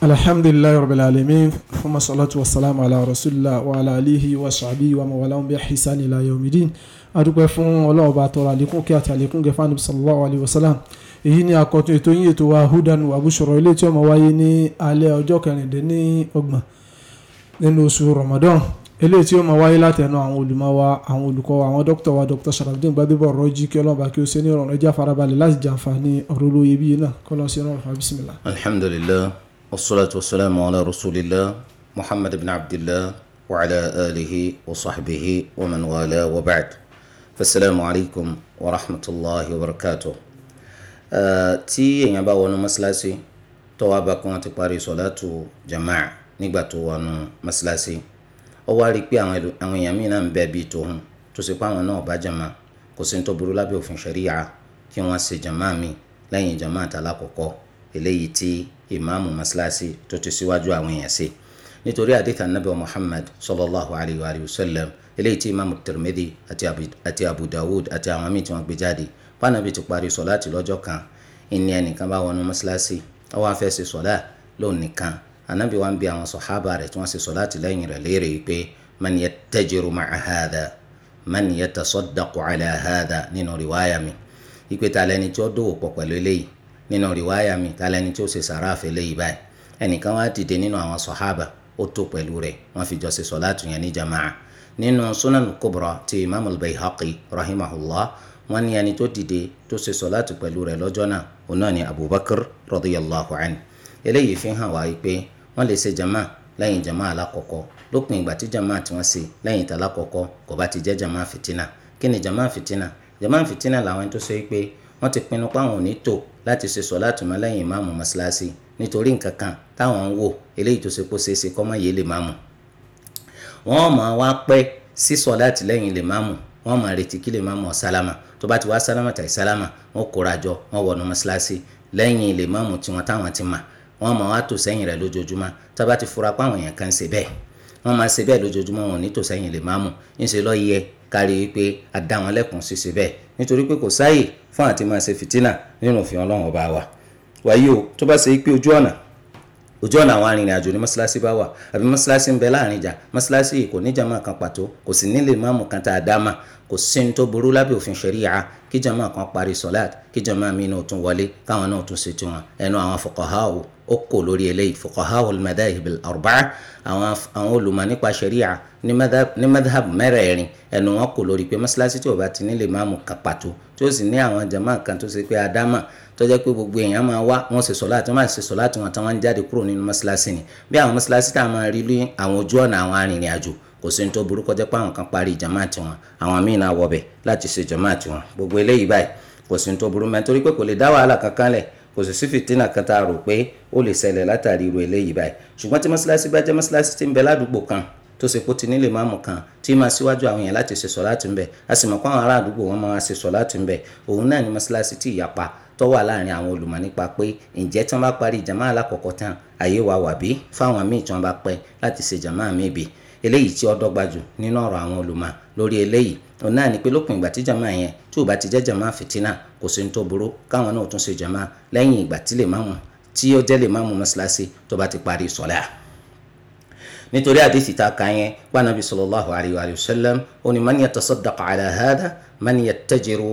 alhamdulilayi rabbil alamin fuma salatu wa salamu ala rasulillah wa ala alihi wa sahbihi wa mawalahum bi ahisani ila yawmidin adúpẹ́ fún Ọlọ́run bá tọrọ àlékún kí àti àlékún gẹfà níbi sallallahu alayhi wa sallam èyí ni àkọtun ètò yín ètò wa hudan wa bushra ilé tí ó máa wáyé ní alẹ́ ọjọ́ kẹrìndínlọ́gbọ̀n nínú oṣù ramadan eléyìí tí ó máa wáyé láti ẹnu àwọn olùmọ̀ àwọn olùkọ́ àwọn dókítà wa dókítà sharafdin gbadebo ọ̀rọ̀ kí ọlọ́run kí ó ṣe ní ìrọ̀rùn ẹjẹ́ àfarabalẹ̀ láti jàǹfààní ọ̀rọ̀ olóyè bíi náà kọ́lọ́ọ̀ṣẹ́ والصلاة والسلام على رسول الله محمد بن عبد الله وعلى آله وصحبه ومن والاه وبعد فالسلام عليكم ورحمة الله وبركاته tí èèyàn bá wọnú mọ́ṣáláṣí tó wá bá kí wọ́n ti parí sọ̀látù jamaa nígbà tó wọnú mọ́ṣáláṣí ó wá rí i pé àwọn èèyàn míì náà ń bẹ bíi tòun tó ṣe pé àwọn náà bá jamaa kò sí ní tó burú lábẹ́ òfin ṣẹ̀ríyà kí wọ́n ṣe jamaa míì lẹ́yìn jamaa tàlákọ̀kọ́ eléyìí tí ìmáàmù masilasi tó ti síwájú àwọn èèyàn sí nítorí àdìtà nàbẹ muhammad sallallahu alayhi wa sallam eléyìí tí imaamu tirmidhi àti abu dawud àti àwọn míì tí wọ́n gbé jáde pànàbí ti parí sọláàtì lọ́jọ́ kan ìní ẹnìkan bá wọnú masilasi ó wá fẹ́ ṣe sọlá lóun nìkan anabi wa ń bi àwọn sọ̀hábà rẹ̀ tí wọ́n ṣe sọláàtì lẹ́yìn rẹ̀ léèrè pé man yattajiru ma'a hadha man yatasaddaqu ala hadha nínú riwaya ìpè ta tí ó dòwò pọ̀ pẹ̀lú eléyìí nínú rìwáyà mi tálẹ́ni tí ó ṣe sàrà àfẹlẹ́ yìí báyìí ẹnìkan wá dìde nínú àwọn sọ̀hábà ó tó pẹ̀lú rẹ̀ wọ́n fi jọ ṣe sọ̀láàtù yẹn ní jamaa nínú sunan kubra ti imam al-bayhaqi rahimahullah wọ́n ní ẹni tó dìde tó ṣe sọ̀láàtù pẹ̀lú rẹ̀ lọ́jọ́ náà òun náà ni abubakar radiyallahu anhu eléyìí fi hàn wá pé wọ́n lè ṣe jamaa lẹ́yìn jamaa alákọ̀ọ́kọ́ lópin ìgbà tí jamaa tí wọ́n ṣe lẹ́yìn tàlákọ̀ọ́kọ́ kò bá ti jẹ́ jamaa fitina kí ni jamaa fitina jamaa fitina làwọn tó ṣe pé wọ́n ti pinnu pé àwọn ò ní tò láti ṣe sọ̀láàtù mọ́ lẹ́yìn ìmáàmù mọ́ṣáláṣí nítorí nǹkan kan táwọn ń wò eléyìí tó ṣe kó ṣe é ṣe kọ́mọ yìí lè máàmù. wọ́n máa wá pẹ́ sí sọ̀láàtì lẹ́yìn lè máàmù wọ́n máa retí kí lè máàmù ọ̀sálámà tó bá ti wá sálámà tàì sálámà wọ́n kóra jọ wọ́n wọnú mọ́ṣáláṣí lẹ́yìn lè máàmù tiwọn táwọn ti mà wọ́n máa wá tò sẹ́yìn rẹ̀ lójoojúmọ́ tó bá ti fura pé àwọn èèyàn kan ń ṣe bẹ́ẹ̀ wọ́n máa ṣe bẹ́ẹ̀ lójoojúmọ́ wọn ò ní tò sẹ́yìn lè máàmù ńṣe ló yẹ kárí wípé adáwọn lẹ́kùn ṣíṣe bẹ́ẹ̀ nítorí pé kò sáàyè fún àti máa ṣe fìtínà nínú òfin ọlọ́run ọba wa wàyí o tó bá ṣe pé ojú ọ̀nà ojú ọ̀nà àwọn arìnrìn-àjò ní mọ́ṣáláṣí bá wà àbí mọ́ṣáláṣí ń bẹ láàrin ìjà mọ́ṣáláṣí kò ní jàmá kan pàtó kò sì nílé máàmù kan tá a dá mà kò sí ní tó burú lábẹ́ òfin ṣẹ̀ríyà kí jàmá kan parí sọ́láàt kí jàmá mi náà tún wọlé káwọn náà tún ṣe tiwọn ẹnu àwọn fuqahau ó kò lórí eléyìí fuqahau al-madahib al-arba'a àwọn olùmọ̀ nípa ṣẹ̀ríyà ní madhab mẹ́rẹ̀ẹ̀rin ẹnu wọn kò lórí pé mọ́ṣáláṣí tí ò bá ti nílé máàmù kan pàtó tí ó sì ní àwọn jàmá kan tó ṣe pé adámà tó jẹ́ pé gbogbo èèyàn máa wá wọ́n ṣe sọ̀lá àti wọ́n máa ṣe sọ̀lá àti wọ́n tán wọ́n ń jáde kúrò nínú mọ́ṣáláṣí ni bí àwọn mọ́ṣáláṣí tá a máa rí ní àwọn ojú ọ̀nà àwọn arìnrìn àjò kò sí ní tó burú kọjá pé àwọn kan parí jàmáà tiwọn àwọn míì náà wọbẹ̀ láti ṣe jàmáà tiwọn gbogbo eléyìí báyìí kò sí ní tó burú mẹ́ torí pé kò lè dá wàhálà kankan lẹ̀ kò sì sí fìtínà kan tá a rò pé ó lè ṣẹlẹ̀ látàrí irú eléyìí báyìí ṣùgbọ́n tí mọ́ṣáláṣí bá jẹ́ mọ́ṣáláṣí tí ń bẹ ládùúgbò kan tó ṣe pé ti nílé máàmù kan tí máa síwájú àwọn èèyàn láti ṣe sọ̀láàtì ń bẹ a sì mọ̀ pé àwọn ará àdúgbò wọn máa ṣe sọ̀láàtì ń bẹ òun náà ni mọ́ṣáláṣí tí ìyapa tó wà láàrin àwọn olùmọ̀ nípa pé ǹjẹ́ tí wọ́n bá parí jàmá alákọ̀ọ́kọ́ tán àyè wa wà bí fáwọn míì tí wọ́n bá pẹ́ láti ṣe jàmá míì bì eléyìí tí ó dọ́gba jù nínú ọ̀rọ̀ àwọn olùmọ̀ lórí eléyìí òun náà ni pé lópin ìgbà tí jàmá yẹn tí ò bá ti jẹ́ jàmá fìtínà kò sí ní tó burú káwọn náà tún ṣe jàmá lẹ́yìn ìgbà tí lè máa mú tí ó jẹ́ lè máa mú mọ́ṣáláṣí tó bá ti parí sọ́lá nítorí àdìsí ta ka yẹn pànàbí sallallahu alayhi wa sallam ó ní man yatasaddaq ala hada man yattajiru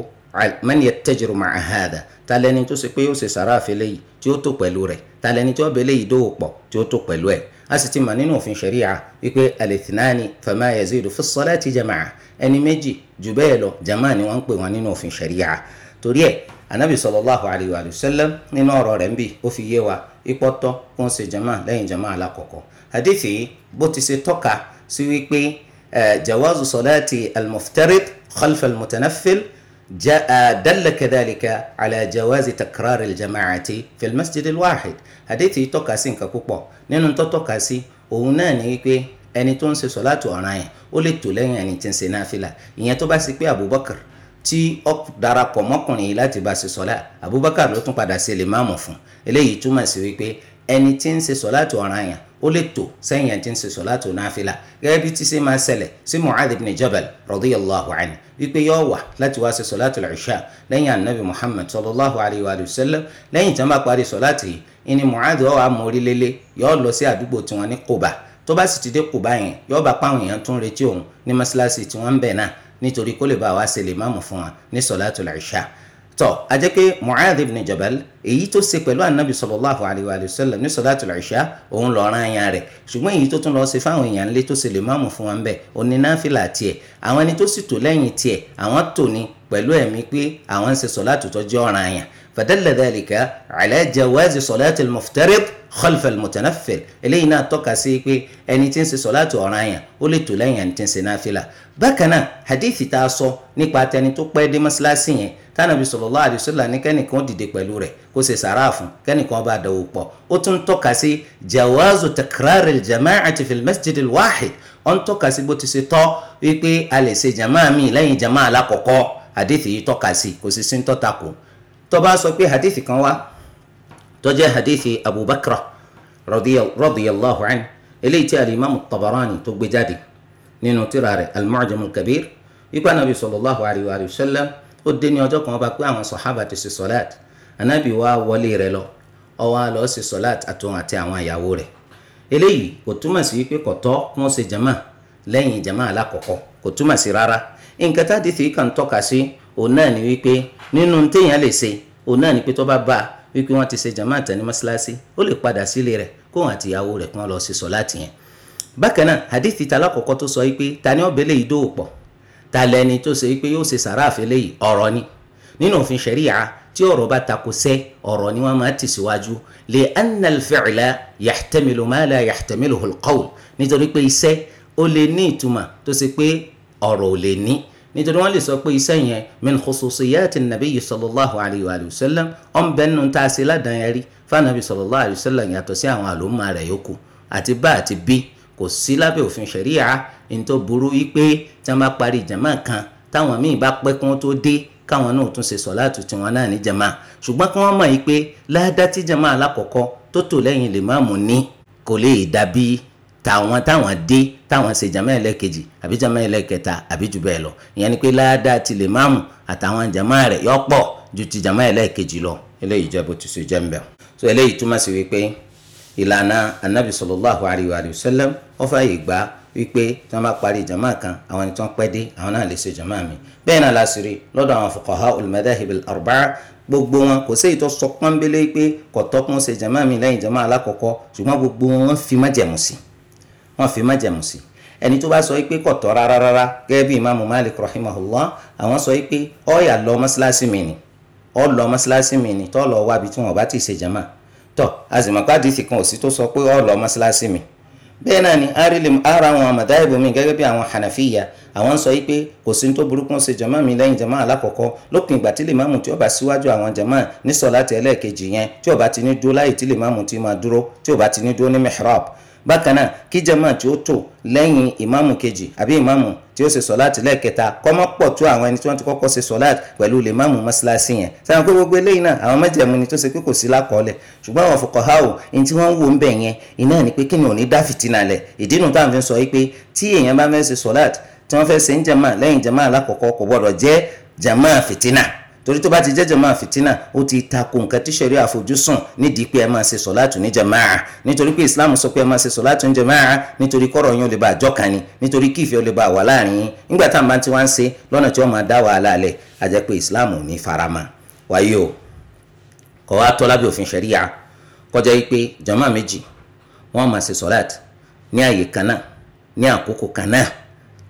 man yattajiru ma'a hadha ta lẹni tó ṣe pé yóò ṣe sàrà àfẹlẹ yìí tí ó tó pẹ̀lú rẹ̀ ta lẹni tó bẹ̀lẹ̀ yìí dówò pọ̀ tí ó tó pẹ̀lú ẹ̀ a sì ti mọ̀ nínú òfin ṣẹ̀ríà wípé al-ithnani fama yazidu fi salati jama'a ẹni méjì jù bẹ́ẹ̀ lọ jama'a ni wọ́n ń pè wọ́n nínú òfin ṣẹ̀ríà torí ẹ̀ anabi sallallahu alayhi wa sallam nínú ọ̀rọ̀ rẹ̀ ń bì ó fi yé wa ipò kó ń ṣe jama'a lẹ́yìn jama'a alákọ̀ọ́kọ́ hadithi bó ti ṣe tọ́ka sí wípé eh, jawazu salati al-muftarid khalfa al dalla kadhalika ala jawazi takrar aljamaati fi almasjid alwahid hadithi tọ́ka sí nǹkan púpọ̀ nínú tó tọ́ka sí òun náà ni wípé ẹni tó ń ṣe sọ̀láàtù ọ̀ràn yẹn ó lè tò lẹ́yìn ẹni tí ń ṣe náfìlà ìyẹn tó bá sì pé abubakar tí ó darapọ̀ mọ́kùnrin yìí láti bá ṣe sọ̀lá abubakar ló tún padà ṣe lè máàmù fún eléyìí túmọ̀ sí wípé ẹni tí ń ṣe sọ̀láàtù ọ̀ràn yẹn ó lè tò sẹ́yìn àti ń ṣe sọ̀látù náfìlà gẹ́gẹ́ bí tí ṣe máa ṣẹlẹ̀ sí Mu'adh ibn Jabal radiyallahu anhu wípé yóò wà láti wá ṣe sọ̀látù al-isha lẹ́yìn anabi Muhammad sallallahu alayhi wa sallam lẹ́yìn tí wọ́n bá parí sọ̀látù yìí ìní Mu'adh wà á mórí lélẹ̀ yóò lọ sí àdúgbò tiwọn ní Quba tó bá sì ti dé Quba yẹn yóò bá pàwọn èèyàn tún retí òun ní mọ́ṣáláṣí tiwọn ń bẹ̀ náà nítorí kó lè bá wa ṣe lè máàmù fún wa ní sọ̀látù al-isha tọ ajẹ́ pé Mu'adh ibn Jabal èyí tó ṣe pẹ̀lú anabi sallallahu alayhi wa sallam ní sọ̀dátù ìṣá òun lọ́ọ́rán ayan rẹ̀ ṣùgbọ́n èyí tó tún lọ́ọ́ ṣe fáwọn èèyàn lé tó ṣe lè máàmù fún wọn bẹ́ẹ̀ òní náfìlà tiẹ̀ àwọn ẹni tó sì tò lẹ́yìn tiẹ̀ àwọn tò ní pẹ̀lú ẹ̀mí pé àwọn ń ṣe sọ̀látù tó jẹ́ ọ̀ràn ayan fadalla dhalika ala jawazi sọ̀látù muftarid khalfa al-mutanaffil eléyìí náà tọ́ka sí pé ẹni tí ń ṣe sọ̀látù ọ̀ràn àyàn ó lè tò lẹ́yìn ẹni tí ń ṣe náfìlà bákan náà hadithi tá sọ nípa tẹni tó pẹ́ dé mọ́ṣáláṣí yẹn tánàbí sallallahu alaihi wasallam ní kẹ́nìkan dìde pẹ̀lú rẹ̀ kó ṣe sàrà fún kẹ́nìkan bá dàwó pọ̀ ó tún tọ́ka sí jawazu takrari jama'ati fil masjid al-wahid ó ń tọ́ka sí bó ti ṣe tọ́ wípé a lè ṣe jama'a mi lẹ́yìn jama'a alákọ̀ọ́kọ́ hadith yìí tọ́ka sí kò sì sí ń tọ́ta kù tó bá sọ pé hadith kan wá tó jẹ́ hadith Abubakr radiyallahu eléyìí tí alimami Tabarani tó gbé jáde nínú tírà rẹ̀ al kabir ikú anabi sallallahu alaihi wa sallam ó dé ní ọjọ́ kan wọ́n bá pé àwọn sọ̀hábà ti ṣe sọ̀láàt anábì wá wọlé rẹ̀ lọ ó wá lọ ṣe sọ̀láàt àtòun àti àwọn ìyàwó rẹ̀ eléyìí kò túmọ̀ sí wípé kọ̀tọ́ wọn ṣe jama lẹ́yìn jama alákọ̀ọ́kọ́ kò túmọ̀ sí rárá nǹkan tá a ti kàn tọ́ka sí òun náà ni wípé nínú téèyàn lè ṣe òun náà ni pé tó bá bá a wípé wọ́n ti ṣe jama tẹ̀ ní mọ́ṣáláṣí ó lè padà sílé rẹ̀ kóun àti ìyàwó rẹ̀ kí wọ́n lọ ṣe sọ̀láàt yẹn bákan náà hadith ìtàlákọ̀ọ́kọ́ tó sọ wípé ta ni ọ̀bẹ lè dó òpọ̀ ta lẹni tó ṣe wípé yóò ṣe sàrà àfẹlẹ yìí ọ̀rọ̀ ni nínú òfin ṣẹríya tí ọ̀rọ̀ bá takò sẹ ọ̀rọ̀ ni wọn máa tì síwájú lè anal fẹ̀rẹ̀lá yàtẹ̀mílò máa la yàtẹ̀mílò hulqawl nítorí pé iṣẹ́ ó lè ní ìtumọ̀ tó ṣe pé ọ̀rọ̀ ò lè ní nítorí wọn lè sọ pé iṣẹ́ yẹn min khususiyati nabiyyi sallallahu alayhi wa sallam ọ̀n bẹ́ẹ̀ nù tá ṣe ládàá yẹn rí sallallahu alayhi wa sallam yàtọ̀ sí àwọn àlòmọ́ rẹ̀ yòókù àti bá àti bí kò sí lábẹ́ òfin ṣẹ̀ríà ní tó burú wípé tí wọ́n bá parí jàmá kan táwọn míì bá pẹ́ kí wọ́n tó dé káwọn náà tún ṣe sọ̀láàtù tiwọn náà ní jàmá ṣùgbọ́n kí wọ́n mọ̀ yìí pé ládá tí jàmá alákọ̀ọ́kọ́ tó tò lẹ́yìn lè má mú ní kò lè dàbí tàwọn táwọn dé táwọn ṣe jàmá ẹlẹ́kejì àbí jàmá ẹlẹ́kẹta àbí jù bẹ́ẹ̀ lọ ìyẹn ni pé ládá ti lè má mú àtàwọn jàmá rẹ̀ yọ́pọ̀ ju ti jàmá ẹlẹ́kejì lọ eléyìí jẹ́ bó ti ṣe jẹ́ ń bẹ̀ so eléyìí túmọ̀ sí wípé ìlànà anabi sallallahu alayhi wa sallam wọ́n fààyè gbà wípé tí wọ́n bá parí jama kan àwọn ẹni tí wọ́n pẹ́ dé àwọn náà lè ṣe jama mi bẹ́ẹ̀ náà lásìrí lọ́dọ̀ àwọn fuqaha al-madahib al-arba'a gbogbo wọn kò sí ìtọ́ sọ pọ́nbélé pé kò tọ́kùn ṣe jama mi lẹ́yìn jama alákọ̀ọ́kọ́ ṣùgbọ́n gbogbo wọn fi májẹ̀mú sí wọn fi májẹ̀mú sí ẹni tó bá sọ pé kò tọ́ rárá rárá gẹ́gẹ́ bí imaamu malik rahimahullah àwọn sọ tọ àzìmọ̀kadì ti kan òsì tó sọ pé ọ̀ lọ mọ́ṣáláṣí mi bẹ́ẹ̀ náà ni ara àwọn àmọ̀dáìbò mi gẹ́gẹ́ bí àwọn hanafiya, àwọn ń sọ yìí pé kò sí tó burúkú ń ṣe jàmá mi lẹ́yìn jàmá alákọ̀ọ́kọ́ lópin ìgbà tí lè máàmù tí ó bá síwájú àwọn jàmá ní sọ̀láàtì ẹlẹ́ẹ̀kejì yẹn tí ó bá ti ní dúró láyè tí lè máàmù tí máa dúró tí ó ti ní dúró ní mihrab bákan náà kí jama tí ó tò lẹ́yìn ìmáàmù kejì àbí ìmáàmù tí ó ṣe sọ̀láàtì lẹ́ẹ̀kẹta kọ́mọ́ pọ̀ tó àwọn ẹni tí wọ́n ti kọ́kọ́ ṣe sọ̀láàtì pẹ̀lú lè máàmù mọ́ṣáláṣí yẹn sẹ́wọ̀n pé gbogbo eléyìí náà àwọn mẹ́jẹ̀mú ni tó ṣe pé kò sí lákọọ́lẹ̀ ṣùgbọ́n àwọn fòkàn háwò ní tí wọ́n ń wò ń bẹ̀ yẹn iná ni pé kí ni òní dá fìtínà lẹ̀ ìdí nu táwọn fi sọ pé tí èèyàn bá fẹ́ ṣe sọ̀láàtì tí wọ́n fẹ́ ṣe ń jama torí tó bá ti jẹ́ jàmáà fìtínà ó ti tako nǹkan tí sẹ̀rí àfojúsùn nídìí pé ẹ máa ṣe sọ̀láàtù ní jàmáà nítorí pé islam sọ pé ẹ máa ṣe sọ̀láàtù ní jàmáà nítorí kọ́rọ̀ yín ó lè bá àjọkàn ni nítorí kí ìfẹ́ ó lè bá wà láàrin yín nígbà táwọn bá ti wá ń ṣe lọ́nà tí wọ́n máa dá wàhálà lẹ̀ á jẹ́ pé islam ò ní farama wáyé o kọ́ wa tọ́ lábẹ́ òfin sẹ̀ríyà kọjá yìí pé jàmáà méjì wọ́n máa ṣe sọ̀láàtù ní àyè kan náà ní àkókò kan náà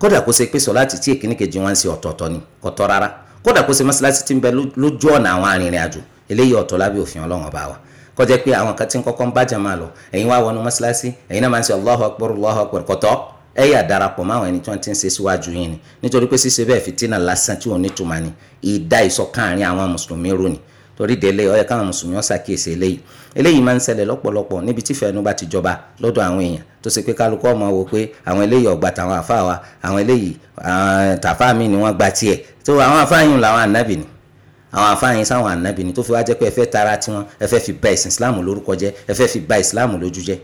kódà kó ṣe pé sọ̀láàtù tí èkíní kejì wọn ń ṣe ọ̀tọ̀ọ̀tọ̀ ni kò tọ́ rárá kódà kó ṣe mọ́ṣáláṣí tí ń bẹ lójú ọ̀nà àwọn arìnrìn àjò eléyìí ọ̀tọ̀ lábẹ́ òfin ọlọ́run ọba wa kọjá pé àwọn kan tí ń kọ́kọ́ ń bàjẹ́ máa lọ ẹ̀yin wá wọnú mọ́ṣáláṣí ẹ̀yin náà máa ń ṣe Allahu Akbar Allahu Akbar kọ̀tọ́ ẹ yà darapọ̀ mọ́ àwọn ẹni tí wọ́n ti ń ṣe síwájú yín ni nítorí pé ṣíṣe bẹ́ẹ̀ fìtínà lásán tí ò ní tuma ni ìdá ìṣọ̀kan àárín àwọn mùsùlùmí rò ni torí délé ó yẹ káwọn mùsùlùmí ó ṣàkíyèsí eléyìí eléyìí máa ń ṣẹlẹ̀ lọ́pọ̀lọpọ̀ níbi tí fẹ́ẹ́nu bá ti jọba lọ́dọ̀ àwọn èèyàn tó ṣe pé kálukú ọmọ wo pé àwọn eléyìí ọ̀gbà tàwọn àfa wa àwọn eléyìí tàfáàmì ni wọ́n gba tiẹ̀ tó àwọn afáyín làwọn ànábì ni àwọn afáyín sáwọn ànábì ni tó fi wá jẹ́ pé ẹ fẹ́ tara tiwọn ẹ fẹ́ fi bà ìsìn islam lórúkọ jẹ́ ẹ fẹ́ fi bà islam lójú jẹ́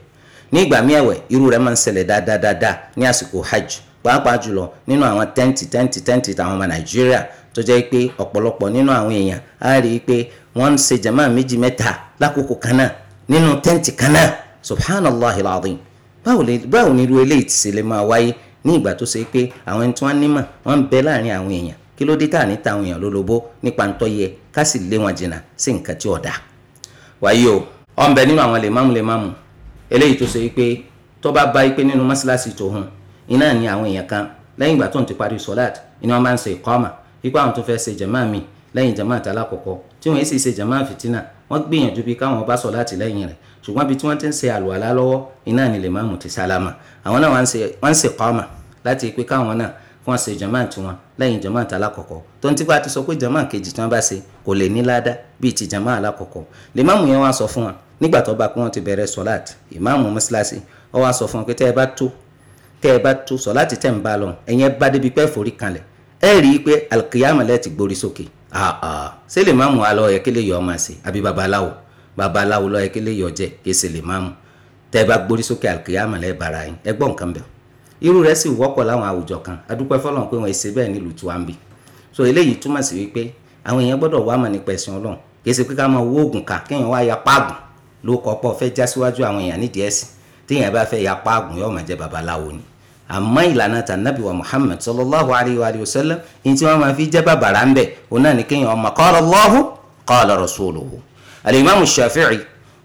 ní ìgbà míì ẹ̀wẹ̀ irú rẹ̀ máa ń ṣẹlẹ̀ dáadáa ní àsìkò hajj pàápàá jùlọ nínú àwọn tẹ́ǹtì tẹ́ǹtì tẹ́ǹtì tàwọn ọmọ nàìjíríà tó jẹ́ pé ọ̀pọ̀lọpọ̀ nínú àwọn èèyàn á rí i pé wọ́n ń ṣe jama méjì mẹ́ta lákòókò kan náà nínú tẹ́ǹtì kan náà subhanallah alazim báwo ni irú eléyìí ti ṣe lè máa wáyé ní ìgbà tó ṣe pé àwọn ẹni tí wọ́n nímọ̀ wọ́n ń bẹ láàrin àwọn èèyàn kí ló dé tá à ní tàwọn èèyàn lólobó nípa ntọ́ yẹ ká sì lé wọn jìnnà sí nǹkan tí ò dáa. wáyé o ọ̀nbẹ nínú àwọn lèmọ́mù lèmọ́mù eléyìí tó ṣe wípé tó bá bá wípé nínú mọ́ṣáláṣí tòun iná ni àwọn èèyàn kan lẹ́yìn ìgbà tó ń ti parí sọ́láàt ni wọ́n máa ń ṣe ìkọ́mà wípé àwọn tó fẹ́ ṣe jàmáà mi lẹ́yìn jàmáà tàlá kọ̀kọ́ tí wọ́n sì ṣe jàmáà fìtínà wọ́n gbìyànjú bí káwọn bá sọ́láàtì lẹ́yìn rẹ̀ ṣùgbọ́n bí tí wọ́n ti ń ṣe àlùwàlá lọ́wọ́ iná ni lèmọ́mù ti sálámà àwọn náà wọ́n ń ṣe ìkọ́mà láti pé káwọn náà kí wọ́n ṣe jama tiwọn lẹ́yìn jama ta alákọ̀ọ́kọ́ tó ń tipa ti sọ pé jama kejì tí wọ́n bá ṣe kò lè ní ládá bíi ti jama alákọ̀ọ́kọ́ lèmáàmù yẹn wá sọ fún wa nígbà tó bá pé wọ́n ti bẹ̀rẹ̀ sọ́láàt ìmáàmù mọ́sálásí ó wá sọ fún wa pé tẹ́ ẹ bá tó tẹ́ ẹ bá tó sọ́láàtì tẹ́ ń bá lọ ẹ̀yẹn bá débi pé forí kanlẹ̀ ẹ rí i pé alkiyama lẹ́ẹ̀ ti gbórí sókè ṣé lèmáàmù wa lọ́ọ́ yẹ kí lè yọ ọmọ àṣẹ àbí babaláwo babaláwo lọ́ọ́ yẹ kí lè yọ jẹ kí ṣe lèmáàmù tẹ́ ẹ bá gbórí sókè alkiyama lẹ́ẹ̀ bára yín ẹ gbọ́ nǹkan bẹ́ẹ̀ irú rẹ̀ sì wọ́pọ̀ láwọn àwùjọ kan adúpẹ́ fọlọ́n pé wọ́n ṣe bẹ́ẹ̀ nílùú tiwa so eléyìí túmọ̀ sí wípé àwọn èèyàn gbọ́dọ̀ wá mọ̀ nípa ẹ̀sìn ọlọ́run kì í ṣe pé ká máa wó oògùn ká kéèyàn wá ya páàgùn ló kọ́pọ̀ fẹ́ já síwájú àwọn èèyàn nídìí ẹ̀sìn téèyàn bá fẹ́ ya páàgùn yóò máa jẹ́ babaláwo ni àmọ́ ìlànà tànàbí wa Muhammad sallallahu alayhi wa sallam ní tí wọ́n máa fi jẹ́ bàbàrà ń bẹ̀ òun náà ni kéèyàn ọmọ qala Allahu qala rasuluhu al-imam Shafi'i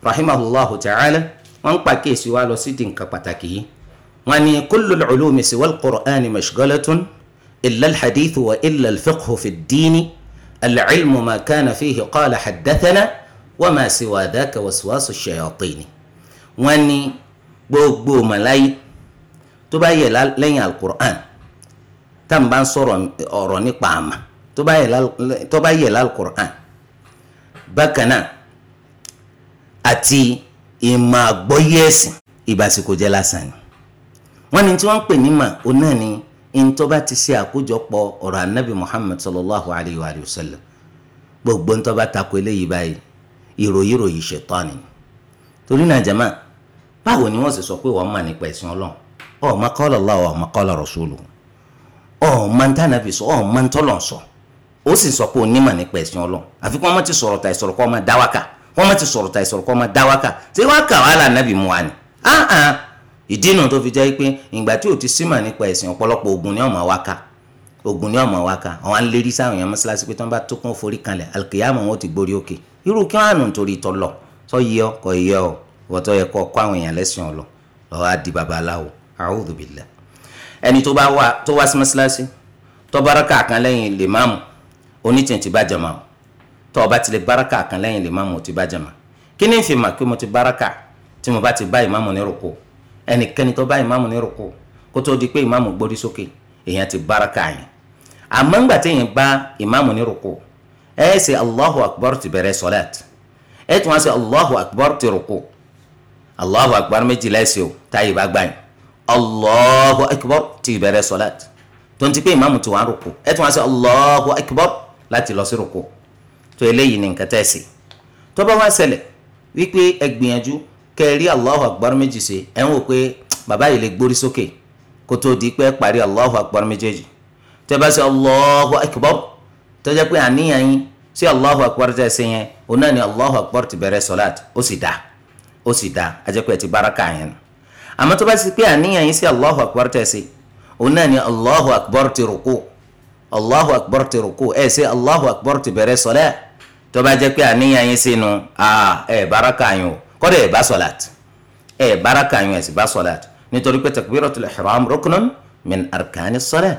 rahimahullahu ta'ala wọ́n ń pàkíyèsí wa lọ sí di pàtàkì yìí wọn ni kullul ulumi siwal qur'ani mashghalatun illa alhadithu wa illa alfiqhu fi diini alcilmu ma kana fihi qala xadathana wama siwa daka waswaasu shayatini wọn ni gbogbo màláyé tó bá yẹ lẹ́yìn alukur'an tá n bá ń sọ̀rọ̀ ọ̀rọ̀ nípa àmà tó bá yẹ lálùkùrán bákan àti ìmọ̀ àgbọ́yé lásán ni wọ́n ní tí wọ́n ń pè ní mà ó náà ni ntọ́ba ti ṣe àkójọpọ̀ ọ̀rọ̀ anabi muhammad sallallahu alayhi wa sallam gbogbo ntọ́ba tako eléyìí báyìí ìròyìn ròyìn ṣètọ́ni torí náà jama báwo ni wọ́n sì sọ pé wọ́n mà nípa ẹ̀sìn ọlọ́run ọ̀ ma qala Allah ọ̀ ma qala rasuluhu ọ̀ ma ń tànàbì sọ ọ̀ ma ń tọ́lọ̀ sọ ó sì sọ pé onímọ̀ nípa ẹ̀sìn ọlọ́run àfi kó má ti sọ̀rọ̀ ta ìsọ̀rọ̀ kó má dáwàkà kó má ti sọ̀rọ̀ ta ìsọ̀rọ̀ kó má dáwàkà ṣé wọ́n wàhálà nàbì mu wa ni ìdí nu tó fi jẹ́ pé ìgbà tí ò ti símà nípa ẹ̀sìn ọ̀pọ̀lọpọ̀ ogun ní ọ̀mọ̀ wákà ogun ní ọ̀mọ̀ wákà àwọn alérí sáwọn èèyàn mọ́sálásí pé tí wọ́n bá tó kún forí kanlẹ̀ alkiyama wọn ti gbórí òkè irú kí wọ́n á nù nítorí tọ́lọ̀ tó yẹ ọ kọ yẹ ọ wọ́n tó yẹ kọ́ kọ́ àwọn èèyàn lẹ́sìn ọ̀lọ́ lọ́wọ́ á di babaláwo a'udhu ẹni tó bá wá tó wá sí mọ́sálásí tó báraka kan lẹ́yìn lè máàmù ti bá jama o tó o bá ti lè báraka kan lẹ́yìn lè ti bá jama kí ni ìfìmà pé mo ti báraka tí mo bá ti bá ìmáàmù ní rúkú ẹnikẹ́ni tó bá ìmáàmù ní rúkú kó tó di pé ìmáàmù gbórí sókè èèyàn ti báraka yín àmọ́ ńgbà téèyàn bá ìmáàmù ní rúkú ẹ ṣe allahu akbar ti bẹ̀rẹ̀ sọ́lát ẹ tún wá ṣe allahu akbar ti rúkú allahu akbar méjì lẹ́sẹ̀ o táyì bá gbà yín allahu akbar ti bẹ̀rẹ̀ sọ́lát tó ń ti pé ìmáàmù ti wá rúkú ẹ tún wá ṣe allahu akbar láti lọ sí rúkú tó eléyìí ni nǹkan tẹ́ ẹ tó bá wá ṣẹlẹ̀ wípé ẹ kẹ́ rí Allahu Akbar méjì ṣe ẹ̀ ń wò pé bàbá yìí lè gbórí sókè kó tó di pé parí Allahu Akbar méjèèjì tẹ́ bá ṣe Allahu Akbar tó jẹ́ pé àníyàn yín sí Allahu Akbar tẹ́ ṣe yẹn òun náà ni Allahu Akbar ti bẹ̀rẹ̀ sọ́láàt ó sì dá ó sì dá ajẹ́pẹ́ ti báraká yẹn àmọ́ tó bá ṣe pé àníyàn yín sí Allahu Akbar tẹ́ ṣe òun náà ni Allahu Akbar ti rùkú Allahu Akbar ti rùkú ẹ̀ ṣe Allahu Akbar ti bẹ̀rẹ̀ sọ́láàt tó jẹ́ pé àníyàn yín sínú ẹ̀ báraká yẹn o kọ́dà ẹ̀ bá sọ̀làt ẹ̀ báraka yẹn sì bá sọ̀làt nítorí pé takbiratul ihram rukunun min arkani sọ̀làt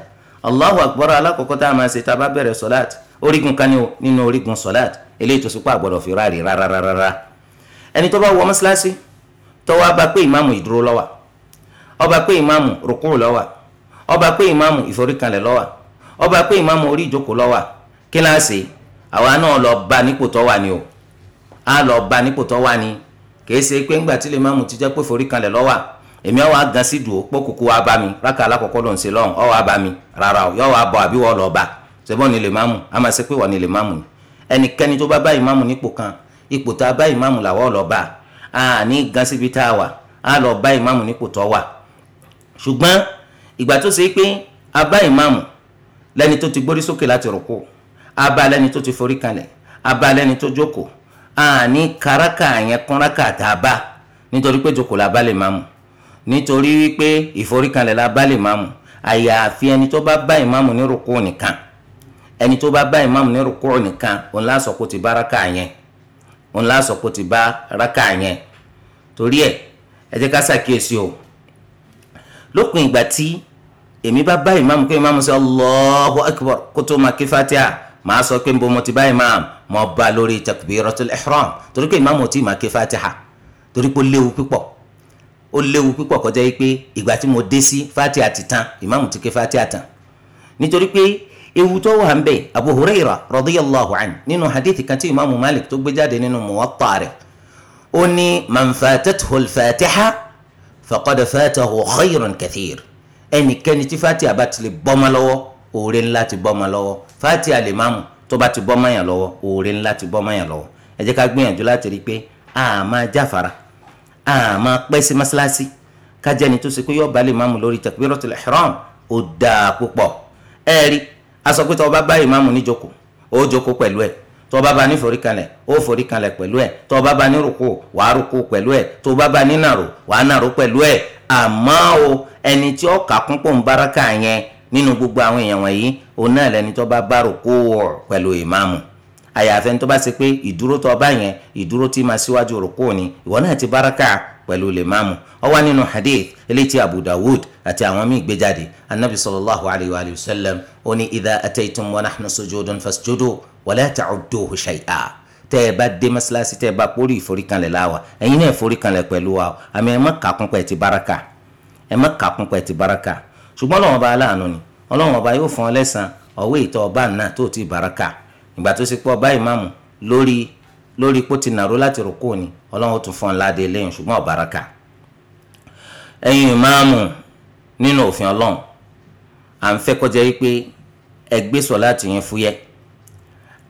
allahu akbar alakoko tá a máa ṣe tá a bá bẹ̀rẹ̀ sọ̀làt orígun kan nínú orígun sọ̀làt eléyìí tó sùpà gbọ́dọ̀ fi ráàrí rárárárá ẹni tó bá wọ mọ́ṣáláṣí tó wá bá pé ìmáàmù ìdúró ló wà ó bá pé ìmáàmù rùkú ló wà pé ìmáàmù ìforíkanlẹ̀ ló wà pé ìmáàmù orí ìjókòó ló kíláàsì àwa náà lọ bá nípò tó wà o a lọ bá nípò tó wà kìí ṣe pé ńgbà tí lè máàmù ti jẹ́ pé forí kanlẹ̀ lọ́wà èmi ọwọ́ agan sí dùn ó pọ̀ kúkú wá bá mi rákà alákọ̀ọ́kọ́ ló ń ṣe lọ́hùn ọwọ́ abá mi rárá o yọ̀wọ́ abọ̀ àbí wọ́ọ́ lọ́ọ́ bá ṣẹ́bọ́n ni lè máàmù a máa ṣe pé wọ́n ni lè máàmù ni ẹnikẹ́ni tó bá bá ìmáàmù nípò kan ipò tá a bá ìmáàmù làwọ́ lọ́ọ́ bá a ní gan síbi tá a wà a lọ bá ìmáàmù nípò tó wà ṣùgbọ́n ìgbà tó ṣe pé a bá ìmáàmù lẹ́ni tó ti gbórí sókè láti rùkú a bá lẹ́ni tó ti forí kanlẹ̀ a bá lẹ́ni tó jókòó àní karaka yẹn kúnraka tá a bá nítorí pé jòkó la bá lè máa mú nítorí wípé ìforíkanlẹ̀ la bá lè máa mú àyàfi ẹni tó bá bá ìmáàmù ní rúkú nìkan ẹni tó bá bá ìmáàmù ní rúkú nìkan òun láṣọ kó ti bá raka yẹn òun láṣọ kó ti bá raka yẹn torí ẹ ẹ jẹ́ ká ṣàkíyèsí o lópin ìgbà tí èmi bá bá ìmáàmù kó ìmáàmù sọ Allahu Akbar kó tó máa kí fatiha màá sọ pé nbo mo ti bá ìmáàmù mọ bá lórí takbiratul ihram torí pé ìmáàmù tí ìmà ké fatiha torí pé ó léwu púpọ̀ ó léwu púpọ̀ kọjá yìí pé ìgbà tí mo dé sí fatiha ti tán ìmáàmù ti ké fatiha tán nítorí pé ewu tó wà ń bẹ abu huraira radiyallahu anhu nínú hadith kan tí ìmáàmù malik tó gbé jáde nínú muwatta rẹ̀ ó ní man fatathu al-fatiha faqad fatahu khayran kathir ẹnikẹ́ni tí fatiha bá ti lè bọ́ ma lọ́wọ́ oore ńlá ti bọ́ ma lọ́wọ́ fatiha lè máa mú tó bá ti bọ́ mọ́yàn lọ́wọ́ oore ńlá ti bọ́ mọ́yàn lọ́wọ́ ẹ jẹ́ ká gbìyànjú láti rí i pé a máa jáfara a máa pẹ́ sí mọ́ṣáláṣí ká jẹ́ni tó ṣe pé yóò bá lè máàmù lórí takbiratul ihram ó dáa púpọ̀ ẹ rí aṣọ pé tó bá bá ìmáàmù níjókòó ó jókòó pẹ̀lú ẹ̀ tó bá ní foríkanlẹ̀ ó foríkanlẹ̀ pẹ̀lú ẹ̀ tó bá ní rúkú wàá rúkú pẹ̀lú ẹ̀ tó bá ní nàró wàá nàró pẹ̀lú ẹ̀ àmọ́ o ẹni tí ó kà kún ń báraká yẹn nínú gbogbo àwọn èèyàn wọ̀nyí òun náà lẹni tó bá bá rògbò wọ̀ pẹ̀lú ìmáàmù àyàfẹ́ tó bá ṣe pé ìdúró tó bá yẹn ìdúró tí máa síwájú rògbò ni ìwọ náà ti báraka pẹ̀lú lèmáàmù ó wà nínú hadith eléyìí tí abu dawud àti àwọn míì gbé jáde anabi sallallahu alayhi wa sallam ó ní idha ataytum wa nahnu sujudun fasjudu wa la ta'udduhu shay'a tẹ́ ẹ bá dé mọ́sálásí tẹ́ ẹ bá pórí ìforíkanlẹ̀ láwa ẹ̀yin náà ìforíkanlẹ̀ pẹ̀lú wa àmì ẹ má kàkún pẹ̀ ti báraka ẹ má kàkún pẹ̀ ti báraka ṣùgbọ́n ọlọ́run ọba aláàánú ni ọlọ́run ọba yóò fún ọ lẹ́san ọ̀wé ìtọ́ ọba náà tó ti bàrákà ìgbà tó ṣe pé ọba ìmáàmù lórí lórí pó ti nàró láti rò kó ni ọlọ́run tún fún ọ ládé lẹ́yìn ṣùgbọ́n ọ̀bàrákà ẹ̀yin ìmáàmù nínú òfin ọlọ́run à ń fẹ́ kọjá yí pé ẹ gbé sọ̀láàtì yẹn fúyẹ́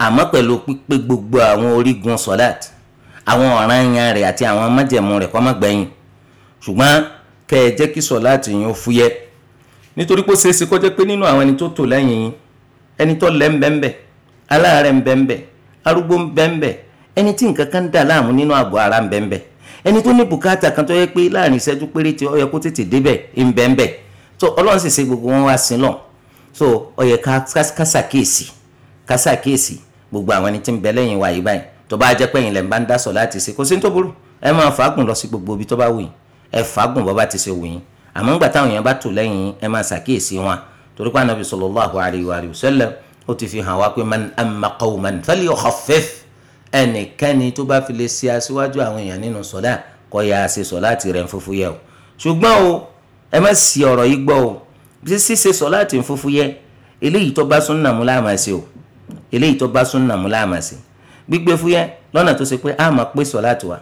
àmọ́ pẹ̀lú pípé gbogbo àwọn orígun sọ̀láàtì àwọn ọ̀ranyàn rẹ̀ àti àwọn májẹ̀mú rẹ̀ kó má ṣùgbọ́n kẹ́ ẹ jẹ́ kí sọ̀láàtì yẹn fúyẹ́ nítorí pé ó ṣeéṣe kó jẹ́ pé nínú àwọn ẹni tó tò lẹ́yìn yín ẹni tó lẹ́ ń bẹ́ńbẹ́ aláàárẹ̀ ń bẹ́ńbẹ́ arúgbó ń bẹ́ńbẹ́ ẹni tí nǹkan kan ń dà láàmú nínú àgọ́ ara ń bẹ́ńbẹ́ ẹni tó ní bùkátà kan tó yẹ pé láàrin ìṣẹ́jú péréte ó kó tètè débẹ̀ ń bẹ́ńbẹ́ tó ọlọ́run sì ṣe gbogbo wọn wá sí lọ so ó yẹ ká ṣàkíyèsí ká ṣàkíyèsí gbogbo àwọn ẹni tí ń bẹ lẹ́yìn wa yìí báyìí tó bá jẹ́ pẹ́yìn lẹ́ ń bá ń dá láti ṣe kò sí ní tó burú ẹ máa fàágùn lọ sí gbogbo ibi tó bá wù yín ẹ fàágùn bọ́ bá ti ṣe wù yín àmọ́ ńgbà táwọn èèyàn bá tò lẹ́yìn ẹ máa ṣàkíyèsí wọn torí pé anabi sallallahu alayhi wa sallam ó ti fi hàn wá pé man amma qawman falyukhaffif ẹnikẹ́ni tó bá fi lè ṣe aṣíwájú àwọn èèyàn nínú sọ́lá kọ́ ya ṣe sọ́lá ti rẹ̀ ń fúfú yẹ o ṣùgbọ́n o ẹ má sì ọ̀rọ̀ yìí gbọ́ o bí ṣíṣe sọ́lá ti ń fúfú yẹ eléyìí tó bá súnà mú láàmà ṣe o eléyìí tó bá súnà mú láàmà ṣe gbígbé fúyẹ́ lọ́nà tó ṣe pé a máa pé sọ́lá tiwa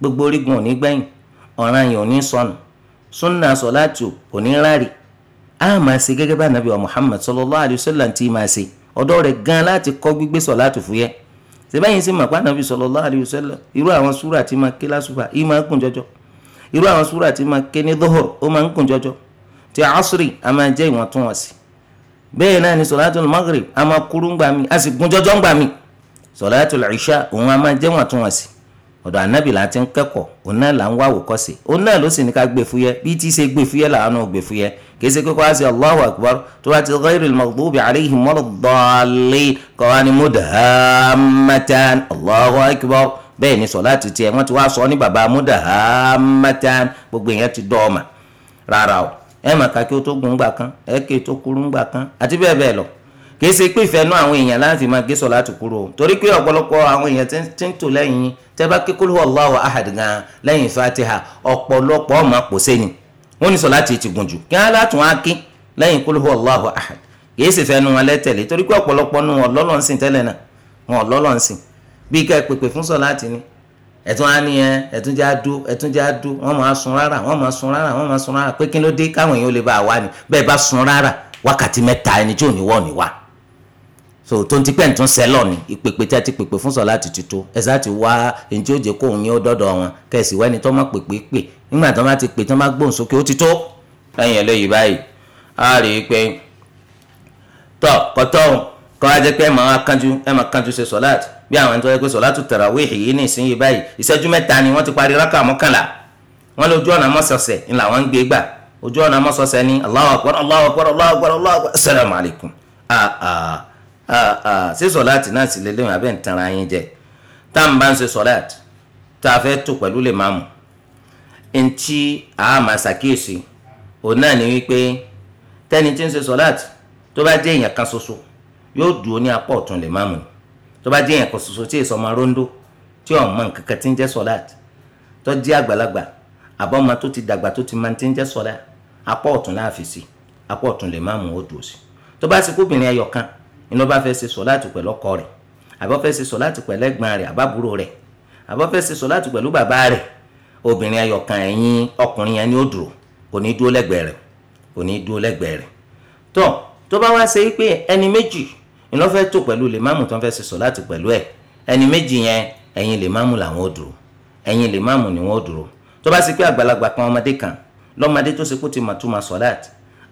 gbogbo orígun ò ní gbẹ̀yìn ọ̀ràn yìí ò ní sọnù sunna sọláàtì kò ní rárẹ̀ a máa ṣe gẹ́gẹ́ bá anabi wa muhammad sallallahu alayhi wa sallam ti máa ṣe ọ̀dọ́ rẹ̀ gan láti kọ́ gbígbé sọláàtì fúyẹ́ sẹ́bẹ̀yìn sí màpá anabi sallallahu alayhi wa sallam irú àwọn súrà tí máa ké lásùbà í máa ń kùn jọjọ irú àwọn súrà tí máa ké ní dọ́hùr ó máa ń kùn jọjọ ti asri a máa jẹ́ ìwọ̀ntúnwọ̀nsì bẹ́ẹ̀ náà ni sọláàtì maghrib ọ̀dọ̀ ànábì là ń ti ń kẹ́kọ̀ọ́ òun náà là ń wá àwòkọ́ṣe òun náà ló sì ní ká gbé fúyẹ́ bí tí í ṣe gbé fúyẹ́ làwọn náà gbé fúyẹ́ kìí ṣe kíkọ́ àṣẹ Allahu akbar tó bá ti ghayril maghdubi alayhim waladdallin kọ́ wa ni mudahammatan Allahu akbar bẹ́ẹ̀ ni sọ̀láàtì tiẹ̀ wọ́n ti wá sọ ní baba mudahammatan gbogbo ìyẹn ti dọ́ọ̀mà rárá o ẹ̀ màkà kí o tó gun gbà kan ẹ̀ kí o tó kúrú gbà kan àti bẹ́ẹ̀ bẹ́ẹ̀ lọ kìí ṣe pé ìfẹ́ nú àwọn èèyàn láti máa gé sọ̀láàtì kúrò torí pé ọ̀pọ̀lọpọ̀ àwọn èèyàn ti ń tò lẹ́yìn tẹ́ bá ké kúlú Allahu ahad gan lẹ́yìn fatiha ọ̀pọ̀lọpọ̀ ọmọ kò sẹ́yìn wọ́n ní sọ̀láàtì ti gùn jù kí wọ́n látún á kí lẹ́yìn kúlú Allahu ahad kìí ṣe fẹ́ nu wọn lẹ́tẹ̀lé torí pé ọ̀pọ̀lọpọ̀ nu wọn tẹ́lẹ̀ náà ni ẹ̀tún á ní ẹ ẹ̀tún já dú ẹ̀tún já dú wọ́n máa sun rárá wọ́n máa sun ni bẹ́ẹ̀ bá so tó ń ti pẹ́ ń tún sẹ́lọ̀ ni ìpèpè tí a ti pèpè fún sọ̀lá ti tuntun ẹ̀sà ti wá ẹ̀ǹtí ó jẹ́ kó òun yẹn ó dọ́dọ̀ wọn kẹ̀sì wẹ́ni tó má pèpè pè nígbà tó má ti pè tó má gbóhùn sókè ó ti tó lẹ́yìn eléyìí báyìí a rí i pé tọ́ kọ́tọ́ kọ́ ajẹ́ pé ẹ̀ máa kánjú ẹ̀ máa kánjú ṣe sọ̀lá bí àwọn ẹni tó yẹ pé sọ̀lá tu tàràwíhì yìí ní ìsinyìí báyìí ìṣẹ́jú ni wọ́n ti parí rákà mọ́kànlá wọ́n lójú ọ̀nà mọ́sọ̀ọ̀sẹ̀ ńlá wọ́n ń gbé gbà ojú ni Allahu akbar Allahu akbar Allahu akbar ah ah Ah, ah, ṣé sọ̀láàtì náà sì lélẹ́yìn abẹ́ ń tanra yín jẹ tá à ń bá ń ṣe sọ̀láàtì tá a fẹ́ tó pẹ̀lú lè máa mú ntí a máa ṣàkíyèsí òun náà ni wípé tẹ́ni tí ń ṣe sọ̀láàtì tó bá jẹ́ èèyàn kan ṣoṣo yóò dúró ní apá ọ̀tún lè máa mú tó bá jẹ́ èèyàn kan ṣoṣo tí èso ọmọ rondo tí ò mọ nǹkan kan tí ń jẹ́ sọ̀láàtì tó jẹ́ àgbàlagbà àbọ̀mọ tó ti dàgbà tó ti máa ti ń jẹ́ sọ̀láàtì apá ọ̀tún láàfin sí apá ọ̀tún lè máa mú ó dúró sí tó bá sì kóbìnrin ẹyọ kan ni ló bá fẹ́ ṣe sọ̀láàtì pẹ̀lú ọkọ rẹ̀ àbọ̀ fẹ́ ṣe sọ̀láàtì pẹ̀lú ẹ̀gbọ́n rẹ̀ àbábúrò rẹ̀ àbọ̀ fẹ́ ṣe sọ̀láàtì pẹ̀lú bàbá rẹ̀ obìnrin ẹyọkan ẹ̀yìn ọkùnrin yẹn ni ó dúró kò ní dúró lẹ́gbẹ̀ẹ́ rẹ̀ kò ní dúró lẹ́gbẹ̀ẹ́ rẹ̀ tó tó bá wá ṣe pé ẹni méjì ni ló fẹ́ tó pẹ̀lú lèmáàmù tó ń fẹ́ ṣe sọ̀láàtì pẹ̀lú ẹ̀ ẹni méjì yẹn ẹ̀yìn lèmáàmù làwọn ó dúró ẹ̀yìn lèmáàmù ni wọ́n ó dúró tó bá ṣe pé àgbàlagbà kan ọmọdé kan lọ́mọdé tó ṣe kó ti màtúmà sọ̀láàtì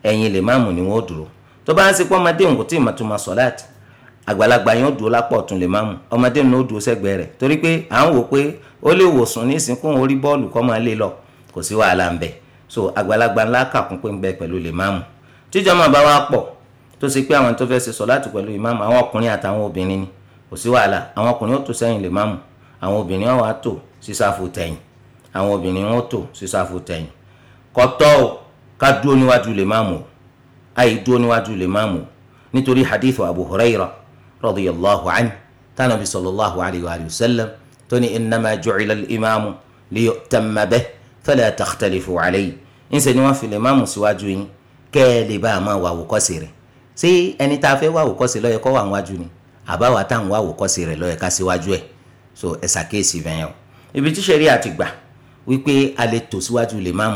ẹ̀yìn lèmáàmù ni wọ́n ó dúró tó bá ń ṣe pé ọmọdé òun kò tí ì mọ̀ tó máa sọ láti àgbàlagbà yẹn ó dúró lápá ọ̀tún lè má mu ọmọdé òun dúró sẹ́gbẹ̀ẹ́ rẹ̀ torí pé à ń wò pé ó lè wòsàn ní ìsìnkú orí bọ́ọ̀lù kọ́ máa lé lọ kò sí wàhálà ń bẹ̀ so àgbàlagbà ńlá kàkún pé ń bẹ pẹ̀lú lè má mu tíjọ́ máa bá wa pọ̀ tó ṣe pé àwọn tó fẹ́ ṣe sọ láti pẹ̀lú ìmáàmù àwọn ọkùnrin àtàwọn obìnrin ni kò sí wàhálà àwọn ọkùnrin ó tò sẹ́yìn lè máàmù àwọn àìdúró níwájú lè máa mú nítorí hadith abu huraira radiyallahu anhu tánàbí sallallahu alayhi wa sallam tó ní innama ju'ila al-imamu liyu'tamma bihi fala takhtalifu alayhi ńṣe ni wọ́n fi lè máa mú síwájú yín kẹ́ ẹ lè bá a máa wà wòkọ́sì rẹ̀ ṣé ẹni tá a fẹ́ wà wòkọ́sì lọ́yẹ kọ́ wà wájú ni àbáwá tá à ń wà wòkọ́sì rẹ̀ lọ́yẹ ká síwájú ẹ̀ so ẹ ṣàkíyèsí bẹ́ẹ̀ yẹn o ibi tí ṣẹ̀rí àti gbà wípé a lè tò síwájú lè máa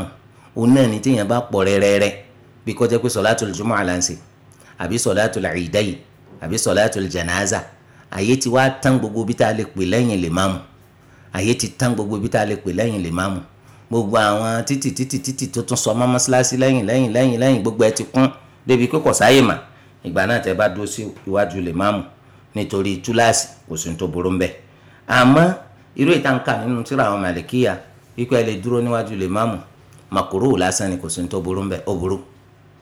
òun náà ni téèyàn bá pọ̀ rẹ́rẹ́rẹ́ bí kò jẹ́ pé sọ̀látùl jùmọ̀ àlànsì àbí sọ̀látùl ìdáyì àbí sọ̀látùl jẹ̀náza àyè ti wá tán gbogbo bí tá a lè pè lẹ́yìn lè máàmù àyè ti tán gbogbo bí tá a lè pè lẹ́yìn lè máàmù gbogbo àwọn títì títì títì tó tún sọ mọ́ mọ́sálásí lẹ́yìn lẹ́yìn lẹ́yìn lẹ́yìn gbogbo ẹ ti kún débi pé kò sáyè mà ìgbà náà tẹ bá dúró sí iwájú lè máàmù nítorí túláàsì kò sí tó burú mbẹ àmọ́ irú ìtànkà nínú tírà àwọn màlìkíyà wípé ẹ lè dúró níwájú lè máàmù màkúrò lásán ni kò sí tó burú mbẹ ó burú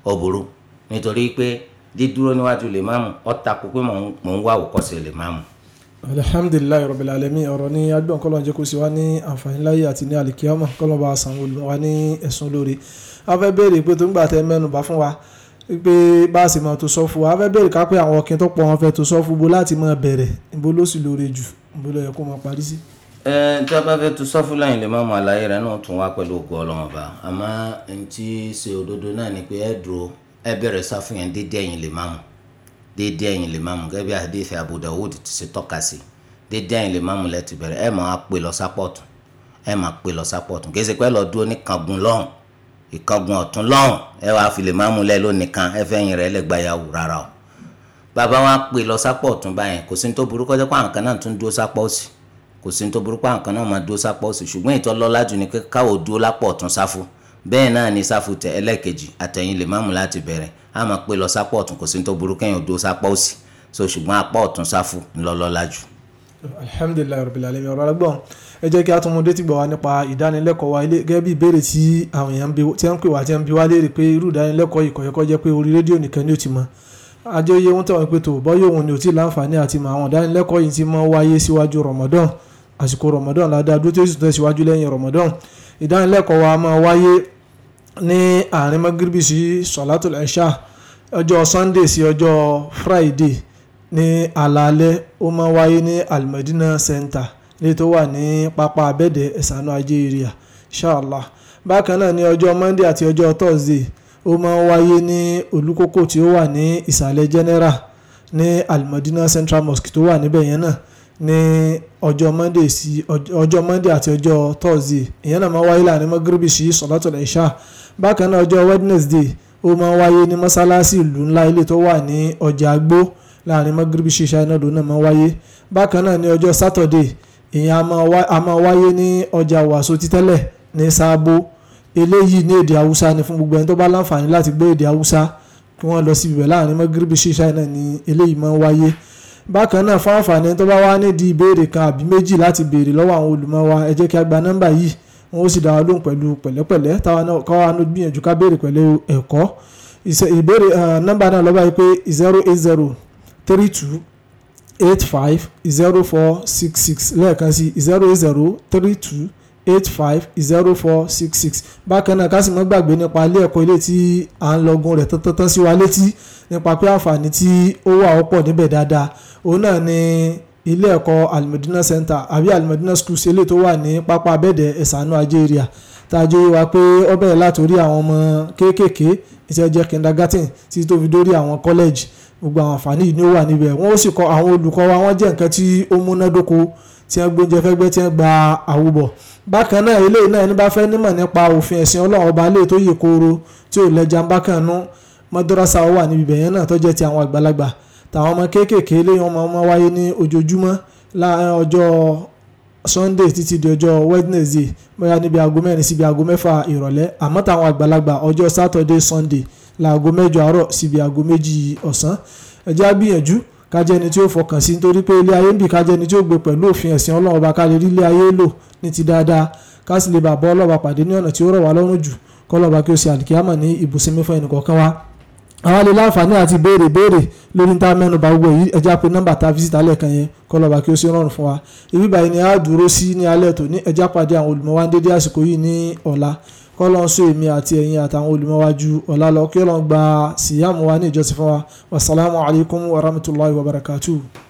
ó burú nítorí pé dídúró níwájú lè má mu ó takò pé mò ń wá òkọ́sẹ̀ lè má mu. alhamdulilayi rabil alamin ọ̀rọ̀ ní agbọn kọlọn jẹ kó sì wá ní àǹfààní láyé àti ní alikiyama kọlọn bá a san olùwà ní ẹsùn lórí a fẹ́ béèrè pé tó ń gbà tẹ mẹ́nu bá fún wa pé bá a sì máa tó sọ́fù wa fẹ́ bẹ̀rẹ̀ ká pé àwọn ọkìn tó pọ̀ wọn fẹ́ tó sọ́fù bo láti máa bẹ̀rẹ̀ níbo ló sì lóore jù níbo ló yẹ kó máa parí sí ẹ tí a bá fẹ́ tu sọ́fúnlá yìí lè má mọ àlàyé rẹ̀ náà tún wá pẹ̀lú ògùn ọlọ́run ọba àmọ́ ntí ṣe òdodo náà ni pé ẹ dúró ẹ bẹ̀rẹ̀ sáfún yẹn dédé ẹ̀yìn lè má mọ̀ dédé ẹ̀yìn lè má mọ̀ gẹ́gẹ́ bí hadith Abu Dawud ti ṣe tọ́ka sí dédé ẹ̀yìn lè má mọ̀ lẹ́tì bẹ̀rẹ̀ ẹ máa pè lọ sápọ̀tù ẹ máa pè lọ sápọ̀tù kì í ṣe pé lọ dúró ní kangun lọ́hùn ìkangun ọ̀tún lọ́hùn ẹ wàá fi lè má mọ̀ lẹ́ lónìkan ẹ fẹ́yìn rẹ̀ lẹ́gbàáyàwó rárá o bàbá wa pè lọ sápọ̀tù báyẹn kò sí ní tó burú kọjá pé àwọn kan náà tún dúró sápọ̀ sí i kò sí ní tó burúkú àwọn kan náà máa dúró sápọ̀ òsì ṣùgbọ́n ìtọ́ jù ni pé káwọ́ dúró lápọ̀ ọ̀tún sáfù bẹ́ẹ̀ náà ni sáfù tẹ ẹlẹ́ẹ̀kejì àtẹ̀yìn lè máàmù láti bẹ̀rẹ̀ á máa pé lọ sápọ̀ ọ̀tún kò sí ní tó burúkú ẹ̀yìn dúró sápọ̀ òsì so ṣùgbọ́n apá ọ̀tún sáfù ńlọ́lọ́lá jù. alhamdulilayi rabbil alamin ọ̀rọ̀ alágbọ̀n ẹ jẹ́ kí a tún mú dé ti gbọ̀ wá nípa ìdánilẹ́kọ̀ọ́ wa gẹ́gẹ́ bí ìbéèrè tí àwọn èèyàn ti ń pè wá ti ń bi wá léèrè pé irú ìdánilẹ́kọ̀ọ́ yìí kò yẹ kó jẹ́ pé orí rédíò nìkan ni ó ti mọ̀ ajẹ́ oyè wọn tẹ̀wọ̀n pé tò bọ́yọ̀ òun ni ò tí ì láǹfààní àti mọ àwọn ìdánilẹ́kọ̀ọ́ yìí ti máa wáyé síwájú Ramadan àsìkò rọmọdán ládàá dúró tí ó sì tún tẹ̀síwájú lẹ́yìn rọmọdán ìdánilẹ́kọ̀ọ́ wa máa wáyé ní àárín magiribi sí sọ̀látùl ẹ̀ṣà ọjọ́ sunday sí ọjọ́ friday ní alaalẹ́ ó máa wáyé ní almadina center ní tó wà ní pápá abẹ́dẹ̀ ẹ̀sánú ajé area inshallah bákan náà ní ọjọ́ monday àti ọjọ́ thursday ó máa ń wáyé ní olúkókò tí ó wà ní ìsàlẹ̀ general ní almadina central mosque tó wà níbẹ̀ yẹn náà ní ọjọ́ monday sí ọjọ́ monday àti ọjọ́ thursday ìyẹn náà máa wáyé láàrin mọ́gíríbì sí sọ̀látọ̀ ìṣá bákan náà ọjọ́ wednesday ó máa wáyé ní mọ́sálásí ìlú ńlá ilé tó wà ní ọjà àgbó láàrin mọ́gíríbì sí ìṣá iná lòun náà máa wáyé bákan náà ní ọjọ́ saturday ìyẹn a máa wáyé ní ọjà wàsó títẹ́lẹ̀ ní sáàbó eléyìí ní èdè haúsá ni fún gbogbo ẹni tó bá láǹfààní láti gbọ́ èdè haúsá kí wọ́n lọ síbi bẹ̀ láàrin mọ́gíríbì sí ìṣá ni eléyìí máa wáyé bákan náà fún àǹfààní tó bá wá nídìí ìbéèrè kan àbí méjì láti béèrè lọ́wọ́ àwọn olùmọ̀ wa ẹ jẹ́ kí a gba nọ́mbà yìí wọn ó sì dá wa lóhùn pẹ̀lú pẹ̀lẹ́pẹ̀lẹ́ táwa náà káwa náà gbìyànjú ká béèrè pẹ̀lú ẹ̀kọ́ ìbéèrè nọ́mbà náà lọ́ba yìí pé zero eight zero three two eight five zero four six six lẹ́ẹ̀kan sí zero eight zero three two eight five zero four six six bákan náà ká sì má gbàgbé nípa ilé ẹ̀kọ́ ilé tí à ń lọ́gùn rẹ̀ tán sí wa létí nípa pé àǹfààní tí ó wà ó pọ̀ níbẹ̀ dáadáa òun náà ni ilé ẹ̀kọ́ Al-Medina Center àbí Al-Medina Schools ilé tó wà ní pápá abẹ́dẹ̀ ẹ̀sánú ajé area tájú wa pé ó bẹ̀rẹ̀ látòrí àwọn ọmọ kéékèèké ìṣẹ́jẹ́ kindergarten títí tó fi dórí àwọn college gbogbo àwọn àǹfààní yìí ni ó wà níbẹ̀ wọ́n ó sì kọ́ àwọn olùkọ́ wa wọ́n jẹ́ nǹkan tí ó múnádóko tí wọ́n gbóúnjẹ fẹ́gbẹ́ tí wọ́n gba àwùbọ̀ bákan náà eléyìí náà ẹni bá fẹ́ nímọ̀ nípa òfin ẹ̀sìn ọlọ́run ọba ilé tó yè kooro tí ò lẹ́jà bákan nú mọ́dọ́rásà wà níbi bẹ̀yẹn náà tó jẹ́ ti àwọn àgbàlagbà tàwọn ọmọ kéékèèké eléyìí wọn máa wáyé ní ojoojúmọ́ láàárín ọjọ́ sunday títí di ọjọ́ wednesday bóyá níbi aago mẹ́rin síbi aago mẹ́fà ìrọ̀lẹ́ àmọ́ táwọn àgbàlagbà ọjọ́ saturday sunday láago mẹ́jọ àárọ̀ síbi aago méjì ọ̀sán ẹ jẹ́ á gbìyànjú kájẹ́ ẹni tí ó fọkàn sí nítorí pé ilé ayé ń bì kájẹ́ ẹni tí ó gbé pẹ̀lú òfin ẹ̀sìn ọlọ́run ọba ká lè rí ilé ayé lò ní ti dáadáa ká sì lè bàbá ọlọ́ba pàdé ní ọ̀nà tí ó rọ̀ wá lọ́rùn jù kọ́lọ́ba kí ó ṣe àlìkíyàmọ̀ ní ìbùsínmi fún ẹnìkọ̀ọ̀kan wa àwọn lè láǹfààní àti béèrè béèrè lórí níta mẹ́nuba gbogbo yìí ẹja pé nọ́mbà tá a fi síta lẹ́ẹ̀kan yẹn kọlọ́ba kí ó sì rọrùn fún wa ibi báyìí ni a dúró sí ní alẹ́ tòní ẹja pàdé àwọn olùmọ̀wá dédé àsìkò yìí ní ọ̀la kọ́lọ́n sọ èmi àti ẹ̀yin àtàwọn olùmọ̀wájú ọ̀làlọ́ kí ọlọ́n gba síyàmù wa ní ìjọsìn fún wa wasalaamu alaykum wa rahmatulahi wa barakatuh.